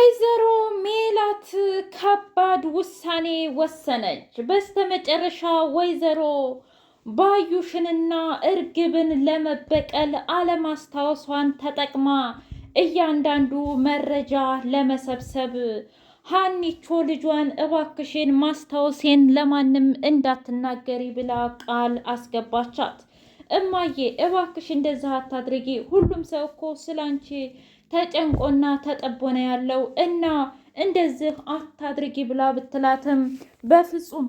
ወይዘሮ ሜላት ከባድ ውሳኔ ወሰነች። በስተመጨረሻ ወይዘሮ ባዩሽንና እርግብን ለመበቀል አለማስታወሷን ተጠቅማ እያንዳንዱ መረጃ ለመሰብሰብ ሀኒቾ ልጇን እባክሽን ማስታወሴን ለማንም እንዳትናገሪ ብላ ቃል አስገባቻት። እማዬ እባክሽ እንደዛ አታድርጊ፣ ሁሉም ሰው እኮ ስላንቺ ተጨንቆና ተጠቦ ነው ያለው እና እንደዚህ አታድርጊ ብላ ብትላትም በፍጹም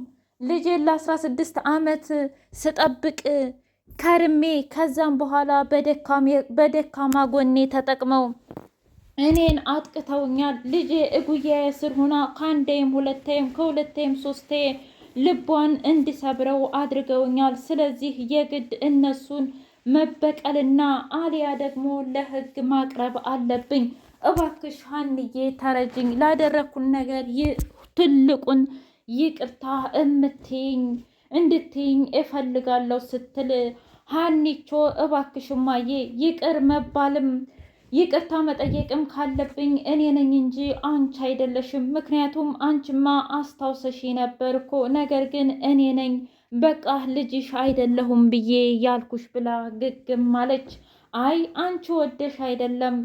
ልጄን ለ ስድስት ዓመት ስጠብቅ ከርሜ ከዛም በኋላ በደካማ ጎኔ ተጠቅመው እኔን አጥቅተውኛል። ልጄ እጉያዬ ስር ሆና ከአንዴም ሁለቴም ከሁለቴም ሶስቴ ልቧን እንዲሰብረው አድርገውኛል። ስለዚህ የግድ እነሱን መበቀልና አሊያ ደግሞ ለህግ ማቅረብ አለብኝ። እባክሽ ሀንዬ ተረጅኝ፣ ላደረግኩን ነገር ትልቁን ይቅርታ እምትይኝ እንድትይኝ እፈልጋለሁ ስትል ሀኒቾ እባክሽማዬ ይቅር መባልም ይቅርታ መጠየቅም ካለብኝ እኔ ነኝ እንጂ አንቺ አይደለሽም። ምክንያቱም አንቺማ አስታውሰሽ ነበር እኮ ነገር ግን እኔ ነኝ በቃ ልጅሽ አይደለሁም ብዬ ያልኩሽ ብላ ግግም አለች። አይ አንቺ ወደሽ አይደለም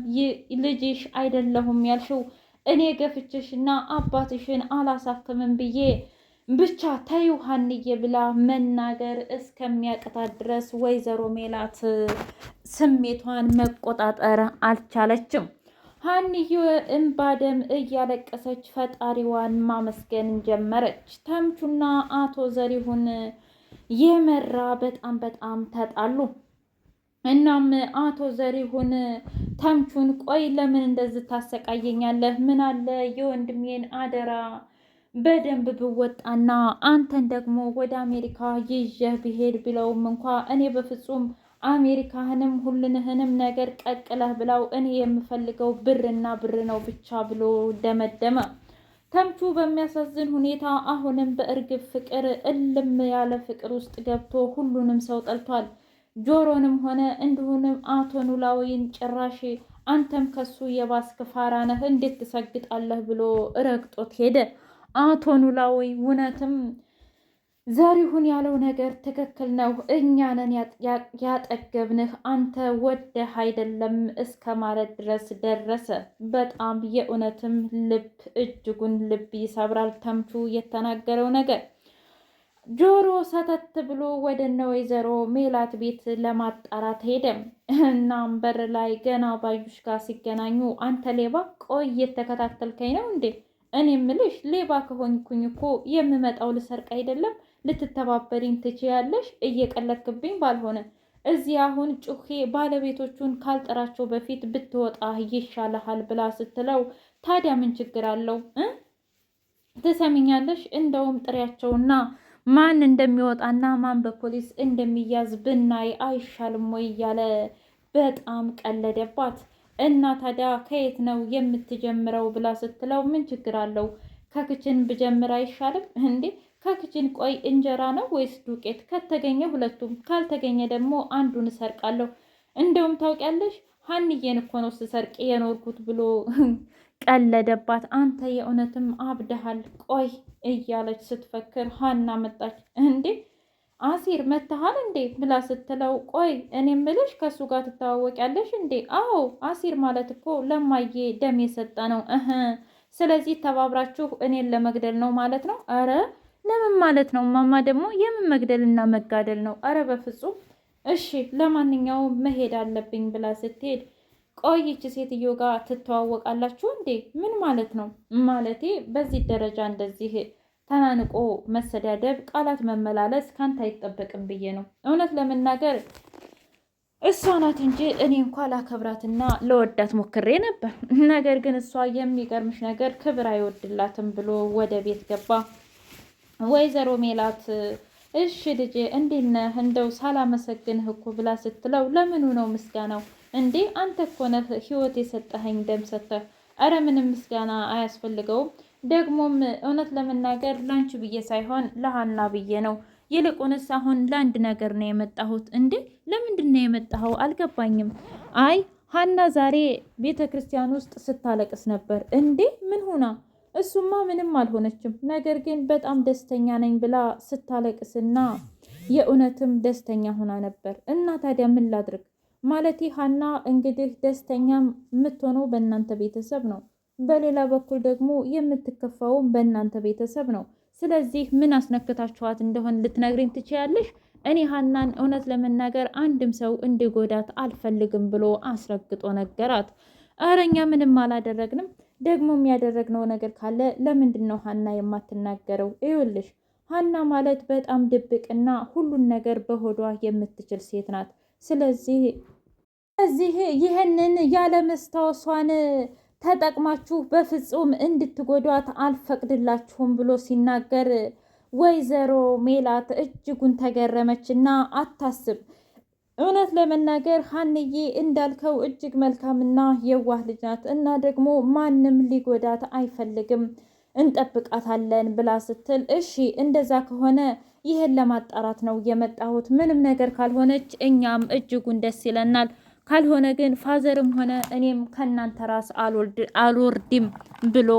ልጅሽ አይደለሁም ያልሽው እኔ ገፍችሽና አባትሽን አላሳክምም ብዬ ብቻ ተይው ሀንዬ ብላ መናገር እስከሚያቅታት ድረስ ወይዘሮ ሜላት ስሜቷን መቆጣጠር አልቻለችም። ሀንዬ እምባ ደም እያለቀሰች ፈጣሪዋን ማመስገን ጀመረች። ተምቹና አቶ ዘሪሁን የመራ በጣም በጣም ተጣሉ። እናም አቶ ዘሪሁን ተምቹን ቆይ ለምን እንደዚህ ታሰቃየኛለህ? ምን አለ የወንድሜን አደራ በደንብ ብወጣና አንተን ደግሞ ወደ አሜሪካ ይዤህ ብሄድ ብለውም እንኳ እኔ በፍጹም አሜሪካህንም ሁልንህንም ነገር ቀቅለህ ብላው፣ እኔ የምፈልገው ብርና ብር ነው ብቻ ብሎ ደመደመ። ተምቹ በሚያሳዝን ሁኔታ አሁንም በእርግብ ፍቅር እልም ያለ ፍቅር ውስጥ ገብቶ ሁሉንም ሰው ጠልቷል። ጆሮንም ሆነ እንዲሁንም አቶ ኑላዊን ጭራሽ አንተም ከሱ የባስክ ፋራ ነህ እንዴት ትሰግጣለህ ብሎ ረግጦት ሄደ። አቶ ኑላዊ እውነትም ዘሪሁን ያለው ነገር ትክክል ነው። እኛንን ያጠገብንህ አንተ ወደህ አይደለም እስከ ማለት ድረስ ደረሰ። በጣም የእውነትም ልብ እጅጉን ልብ ይሰብራል። ተምቹ የተናገረው ነገር ጆሮ ሰተት ብሎ ወደ እነ ወይዘሮ ሜላት ቤት ለማጣራት ሄደ። እናም በር ላይ ገና ባዩሽ ጋር ሲገናኙ አንተ ሌባ፣ ቆይ እየተከታተልከኝ ነው እንዴ? እኔ ምልሽ ሌባ ከሆንኩኝ እኮ የምመጣው ልሰርቅ አይደለም ልትተባበሪኝ ትችያለሽ። እየቀለድክብኝ ባልሆነ እዚህ አሁን ጩኼ ባለቤቶቹን ካልጠራቸው በፊት ብትወጣ ይሻልሃል ብላ ስትለው፣ ታዲያ ምን ችግር አለው? ትሰሚኛለሽ? እንደውም ጥሪያቸውና ማን እንደሚወጣና ማን በፖሊስ እንደሚያዝ ብናይ አይሻልም ወይ እያለ በጣም ቀለደባት። እና ታዲያ ከየት ነው የምትጀምረው ብላ ስትለው፣ ምን ችግር አለው? ከክችን ብጀምር አይሻልም እንዴ? ከክችን ቆይ እንጀራ ነው ወይስ ዱቄት? ከተገኘ ሁለቱም፣ ካልተገኘ ደግሞ አንዱን እሰርቃለሁ። እንደውም ታውቂያለሽ ሀንዬን እኮ ነው ስሰርቅ የኖርኩት ብሎ ቀለደባት። አንተ የእውነትም አብደሃል ቆይ እያለች ስትፈክር ሀና መጣች። እንዴ አሲር መታሃል እንዴ ብላ ስትለው ቆይ እኔ ምልሽ ከእሱ ጋር ትተዋወቂያለሽ እንዴ? አዎ አሲር ማለት እኮ ለማዬ ደም የሰጠ ነው። ስለዚህ ተባብራችሁ እኔን ለመግደል ነው ማለት ነው። አረ ለምን ማለት ነው? ማማ ደግሞ የምን መግደልና መጋደል ነው? አረ በፍጹም እሺ፣ ለማንኛውም መሄድ አለብኝ ብላ ስትሄድ ቆይች ሴትዮ ጋር ትተዋወቃላችሁ እንዴ? ምን ማለት ነው? ማለቴ በዚህ ደረጃ እንደዚህ ተናንቆ መሰዳደብ፣ ቃላት መመላለስ ካንተ አይጠበቅም ብዬ ነው። እውነት ለመናገር እሷ ናት እንጂ እኔ እንኳ ላከብራትና ለወዳት ሞክሬ ነበር። ነገር ግን እሷ የሚገርምሽ ነገር ክብር አይወድላትም ብሎ ወደ ቤት ገባ። ወይዘሮ ሜላት እሺ ልጄ እንዴት ነህ? እንደው ሳላመሰግንህ እኮ ብላ ስትለው ለምኑ ነው ምስጋናው እንዴ? አንተ እኮ ነህ ህይወት የሰጠኸኝ ደም ሰጥተህ። አረ ምንም ምስጋና አያስፈልገውም። ደግሞም እውነት ለመናገር ላንቺ ብዬ ሳይሆን ለሀና ብዬ ነው። ይልቁንስ አሁን ለአንድ ነገር ነው የመጣሁት። እንዴ ለምንድን ነው የመጣኸው? አልገባኝም። አይ ሀና ዛሬ ቤተ ክርስቲያን ውስጥ ስታለቅስ ነበር። እንዴ ምን ሁና? እሱማ ምንም አልሆነችም፣ ነገር ግን በጣም ደስተኛ ነኝ ብላ ስታለቅስና የእውነትም ደስተኛ ሆና ነበር። እና ታዲያ ምን ላድርግ ማለቴ ሀና እንግዲህ ደስተኛ የምትሆነው በእናንተ ቤተሰብ ነው፣ በሌላ በኩል ደግሞ የምትከፋውም በእናንተ ቤተሰብ ነው። ስለዚህ ምን አስነክታችኋት እንደሆን ልትነግሪኝ ትችያለሽ? እኔ ሀናን እውነት ለመናገር አንድም ሰው እንዲጎዳት አልፈልግም ብሎ አስረግጦ ነገራት። እረ ምንም አላደረግንም ደግሞ የሚያደረግነው ነገር ካለ ለምንድን ነው ሀና የማትናገረው? ይኸውልሽ ሀና ማለት በጣም ድብቅና ሁሉን ነገር በሆዷ የምትችል ሴት ናት። ስለዚህ እዚህ ይህንን ያለመስታወሷን ተጠቅማችሁ በፍጹም እንድትጎዷት አልፈቅድላችሁም ብሎ ሲናገር ወይዘሮ ሜላት እጅጉን ተገረመች እና አታስብ እውነት ለመናገር ሀንዬ እንዳልከው እጅግ መልካምና የዋህ ልጅ ናት እና ደግሞ ማንም ሊጎዳት አይፈልግም እንጠብቃታለን ብላ ስትል እሺ እንደዛ ከሆነ ይህን ለማጣራት ነው የመጣሁት። ምንም ነገር ካልሆነች እኛም እጅጉን ደስ ይለናል። ካልሆነ ግን ፋዘርም ሆነ እኔም ከእናንተ ራስ አልወርድም ብሎ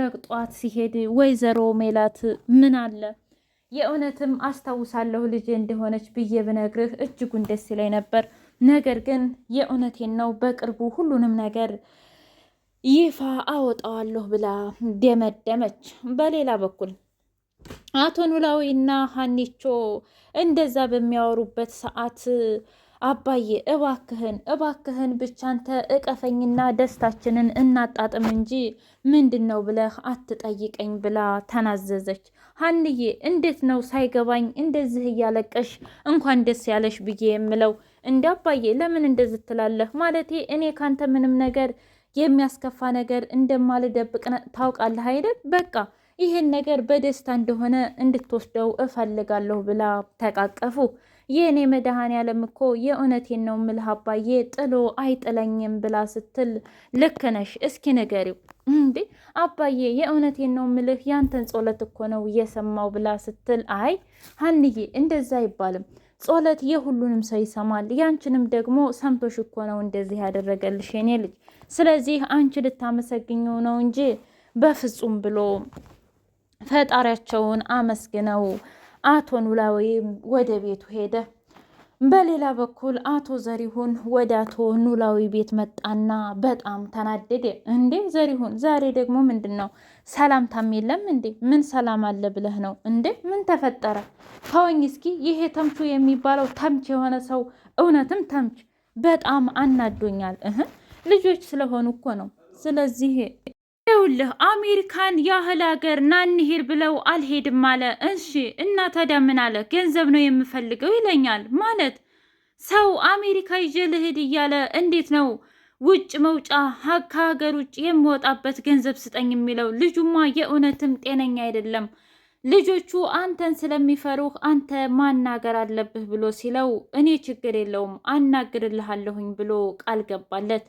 ረግጧት ሲሄድ ወይዘሮ ሜላት ምን አለ የእውነትም አስታውሳለሁ ልጄ እንደሆነች ብዬ ብነግርህ እጅጉን ደስ ይለኝ ነበር። ነገር ግን የእውነቴን ነው በቅርቡ ሁሉንም ነገር ይፋ አወጣዋለሁ ብላ ደመደመች። በሌላ በኩል አቶ ኖላዊና ሀኒቾ እንደዛ በሚያወሩበት ሰዓት አባዬ እባክህን እባክህን ብቻ አንተ እቀፈኝና ደስታችንን እናጣጥም እንጂ ምንድን ነው ብለህ አትጠይቀኝ ብላ ተናዘዘች። ሀንዬ እንዴት ነው ሳይገባኝ እንደዚህ እያለቀሽ እንኳን ደስ ያለሽ ብዬ የምለው እንደ አባዬ ለምን እንደዚህ ትላለህ? ማለቴ እኔ ካንተ ምንም ነገር የሚያስከፋ ነገር እንደማልደብቅ ታውቃለህ አይደል? በቃ ይህን ነገር በደስታ እንደሆነ እንድትወስደው እፈልጋለሁ ብላ ተቃቀፉ። የእኔ መድኃኔዓለም እኮ የእውነቴን ነው የምልህ አባዬ ጥሎ አይጥለኝም ብላ ስትል ልክ ነሽ፣ እስኪ ንገሪው እንዴ አባዬ የእውነቴን ነው ምልህ ያንተን ጸሎት እኮ ነው እየሰማው ብላ ስትል አይ ሀንዬ እንደዛ አይባልም ጸሎት የሁሉንም ሰው ይሰማል። ያንችንም ደግሞ ሰምቶሽ እኮ ነው እንደዚህ ያደረገልሽ የኔ ልጅ። ስለዚህ አንቺ ልታመሰግኘው ነው እንጂ በፍጹም ብሎ ፈጣሪያቸውን አመስግነው አቶ ኖላዊም ወደ ቤቱ ሄደ። በሌላ በኩል አቶ ዘሪሁን ወደ አቶ ኖላዊ ቤት መጣና በጣም ተናደደ። እንዴ ዘሪሁን፣ ዛሬ ደግሞ ምንድን ነው? ሰላምታም የለም እንዴ? ምን ሰላም አለ ብለህ ነው እንዴ? ምን ተፈጠረ? ተወኝ እስኪ። ይሄ ተምቹ የሚባለው ተምች የሆነ ሰው እውነትም ተምች በጣም አናዶኛል። እህ ልጆች ስለሆኑ እኮ ነው። ስለዚህ ይኸውልህ አሜሪካን ያህል ሀገር ናንሄድ ብለው አልሄድም አለ። እሺ እና ታዲያ ምን አለ? ገንዘብ ነው የምፈልገው ይለኛል። ማለት ሰው አሜሪካ ይዤ ልሂድ እያለ እንዴት ነው ውጭ መውጫ ከሀገር ውጭ የምወጣበት ገንዘብ ስጠኝ የሚለው? ልጁማ የእውነትም ጤነኛ አይደለም። ልጆቹ አንተን ስለሚፈሩህ አንተ ማናገር አለብህ ብሎ ሲለው እኔ ችግር የለውም አናግርልሃለሁኝ ብሎ ቃል ገባለት።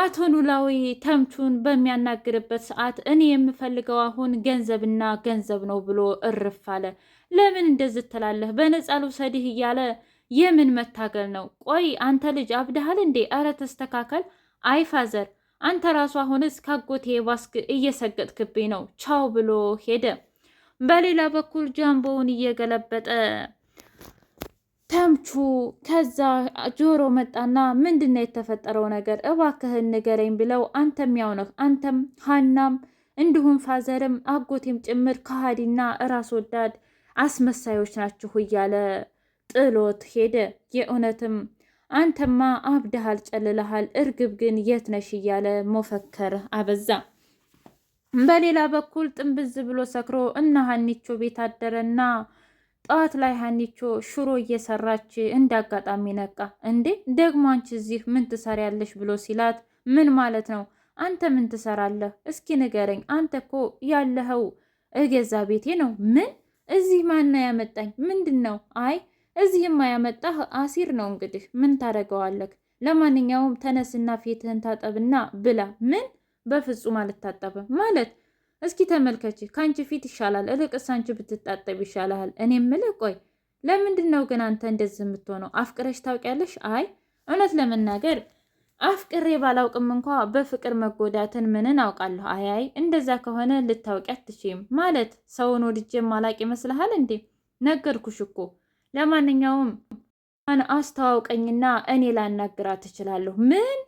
አቶ ኖላዊ ተምቹን በሚያናግርበት ሰዓት እኔ የምፈልገው አሁን ገንዘብና ገንዘብ ነው ብሎ እርፍ አለ። ለምን እንደዚህ ትላለህ? በነፃ ልውሰድህ እያለ የምን መታገል ነው? ቆይ አንተ ልጅ አብድሃል እንዴ? ኧረ ተስተካከል። አይ ፋዘር፣ አንተ ራሱ አሁንስ ካጎቴ ባስክ እየሰገጥክብኝ ነው። ቻው ብሎ ሄደ። በሌላ በኩል ጃምቦውን እየገለበጠ ተምቹ ከዛ ጆሮ መጣና ምንድን ነው የተፈጠረው ነገር እባክህን ንገረኝ ብለው አንተም ያውነህ አንተም ሀናም እንዲሁም ፋዘርም አጎቴም ጭምር ከሃዲና ራስ ወዳድ አስመሳዮች ናችሁ እያለ ጥሎት ሄደ። የእውነትም አንተማ አብደሃል፣ ጨልለሃል። እርግብ ግን የት ነሽ እያለ መፈከር አበዛ። በሌላ በኩል ጥንብዝ ብሎ ሰክሮ እነ ሀኒቾ ቤት አደረና ጠዋት ላይ ሀኒቾ ሽሮ እየሰራች እንዳጋጣሚ ነቃ። እንዴ ደግሞ አንቺ እዚህ ምን ትሰሪያለሽ? ብሎ ሲላት ምን ማለት ነው? አንተ ምን ትሰራለህ? እስኪ ንገረኝ። አንተ እኮ ያለኸው እገዛ ቤቴ ነው። ምን እዚህ ማና ያመጣኝ? ምንድን ነው? አይ እዚህማ ያመጣህ አሲር ነው። እንግዲህ ምን ታደርገዋለህ? ለማንኛውም ተነስና ፊትህን ታጠብና ብላ። ምን በፍጹም አልታጠብም ማለት እስኪ ተመልከች፣ ከአንቺ ፊት ይሻላል። እልቅስ አንቺ ብትጣጠብ ይሻላል እኔ ምልህ ቆይ፣ ለምንድን ነው ግን አንተ እንደዚህ የምትሆነው? አፍቅረሽ ታውቂያለሽ? አይ እውነት ለመናገር አፍቅሬ ባላውቅም እንኳ በፍቅር መጎዳትን ምንን አውቃለሁ። አያይ እንደዛ ከሆነ ልታውቂ አትችይም። ማለት ሰውን ወድጄ ማላቅ ይመስልሃል እንዴ? ነገርኩሽ እኮ። ለማንኛውም አስተዋውቀኝና እኔ ላናግራት እችላለሁ። ምን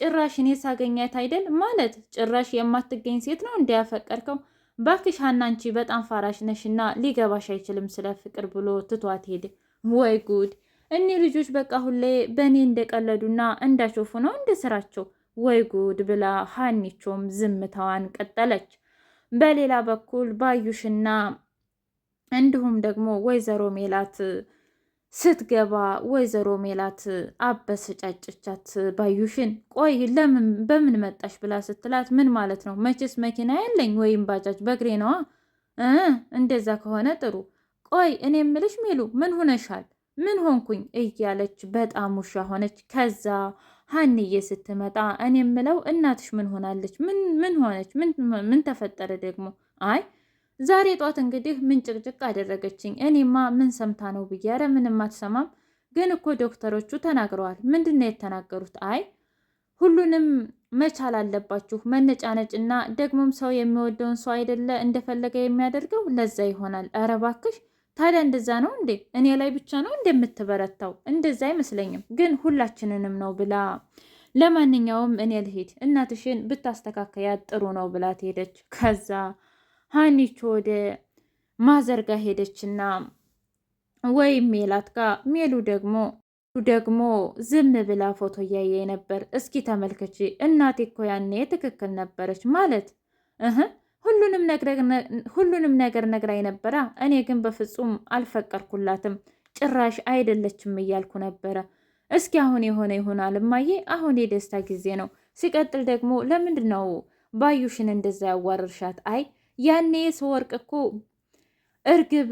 ጭራሽ እኔ ሳገኛት አይደል ማለት ጭራሽ የማትገኝ ሴት ነው እንዲያፈቀርከው ባክሽ ሀና አንቺ በጣም ፋራሽ ነሽና ሊገባሽ አይችልም ስለ ፍቅር ብሎ ትቷት ሄደ። ወይ ጉድ! እኒህ ልጆች በቃ ሁሌ በእኔ እንደቀለዱና እንዳሾፉ ነው እንደ ስራቸው። ወይ ጉድ ብላ ሀኒቾም ዝምታዋን ቀጠለች። በሌላ በኩል ባዩሽና እንዲሁም ደግሞ ወይዘሮ ሜላት ስትገባ ወይዘሮ ሜላት አበሰጫጨቻት ባዩሽን። ቆይ ለምን በምን መጣሽ ብላ ስትላት ምን ማለት ነው? መቼስ መኪና ያለኝ ወይም ባጃጅ በግሬ ነዋ። እንደዛ ከሆነ ጥሩ። ቆይ እኔ ምልሽ ሜሉ ምን ሁነሻል ምን ሆንኩኝ እያለች በጣም ውሻ ሆነች። ከዛ ሀንዬ ስትመጣ እኔ ምለው እናትሽ ምን ሆናለች? ምን ምን ሆነች? ምን ተፈጠረ ደግሞ? አይ ዛሬ ጧት እንግዲህ ምን ጭቅጭቅ አደረገችኝ። እኔማ ምን ሰምታ ነው ብዬ፣ ኧረ ምንም አትሰማም፣ ግን እኮ ዶክተሮቹ ተናግረዋል። ምንድን ነው የተናገሩት? አይ ሁሉንም መቻል አለባችሁ መነጫ እና ደግሞም ሰው የሚወደውን ሰው አይደለ እንደፈለገ የሚያደርገው ለዛ ይሆናል። ኧረ ባክሽ ታዲያ እንደዛ ነው እንዴ? እኔ ላይ ብቻ ነው እንደምትበረታው? እንደዛ አይመስለኝም፣ ግን ሁላችንንም ነው ብላ ለማንኛውም እኔ ልሄድ እናትሽን ብታስተካከያት ጥሩ ነው ብላት ሄደች። ከዛ ሀኒቾ ወደ ማዘርጋ ሄደችና ወይም ሜላት ጋር ሜሉ ደግሞ ደግሞ ዝም ብላ ፎቶ እያየ ነበር። እስኪ ተመልከች እናቴ እኮ ያኔ ትክክል ነበረች ማለት እህ ሁሉንም ነገር ነግራኝ ይነበራ እኔ ግን በፍጹም አልፈቀርኩላትም። ጭራሽ አይደለችም እያልኩ ነበረ። እስኪ አሁን የሆነ ይሆናል እማዬ፣ አሁን የደስታ ጊዜ ነው። ሲቀጥል ደግሞ ለምንድን ነው ባዩሽን እንደዛ ያዋረርሻት? አይ ያኔ ሰወርቅ እኮ እርግብ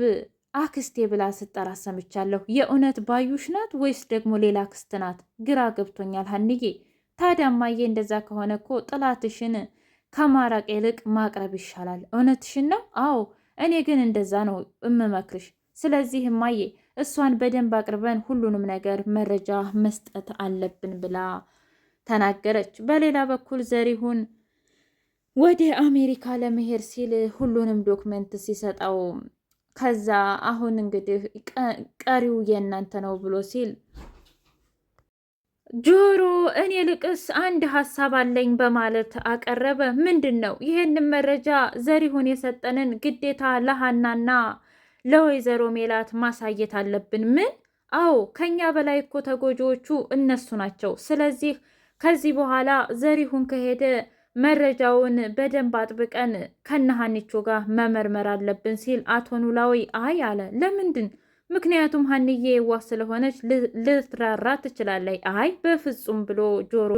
አክስቴ ብላ ስጠራ ሰምቻለሁ። የእውነት ባዩሽ ናት ወይስ ደግሞ ሌላ አክስት ናት? ግራ ገብቶኛል ሀንዬ። ታዲያ እማዬ እንደዛ ከሆነ እኮ ጥላትሽን ከማራቅ ይልቅ ማቅረብ ይሻላል። እውነትሽን ነው። አዎ እኔ ግን እንደዛ ነው እምመክርሽ። ስለዚህ ማዬ፣ እሷን በደንብ አቅርበን ሁሉንም ነገር መረጃ መስጠት አለብን ብላ ተናገረች። በሌላ በኩል ዘሪሁን ወደ አሜሪካ ለመሄድ ሲል ሁሉንም ዶክመንት ሲሰጠው ከዛ አሁን እንግዲህ ቀሪው የእናንተ ነው ብሎ ሲል ጆሮ እኔ ልቅስ አንድ ሀሳብ አለኝ በማለት አቀረበ። ምንድን ነው? ይህንን መረጃ ዘሪሁን የሰጠንን ግዴታ ለሀናና ለወይዘሮ ሜላት ማሳየት አለብን። ምን? አዎ ከኛ በላይ እኮ ተጎጂዎቹ እነሱ ናቸው። ስለዚህ ከዚህ በኋላ ዘሪሁን ከሄደ መረጃውን በደንብ አጥብቀን ከነሀኒቾ ጋር መመርመር አለብን ሲል አቶ ኖላዊ አይ አለ። ለምንድን? ምክንያቱም ሀንዬ የዋህ ስለሆነች ልትራራ ትችላለች። አይ በፍጹም ብሎ ጆሮ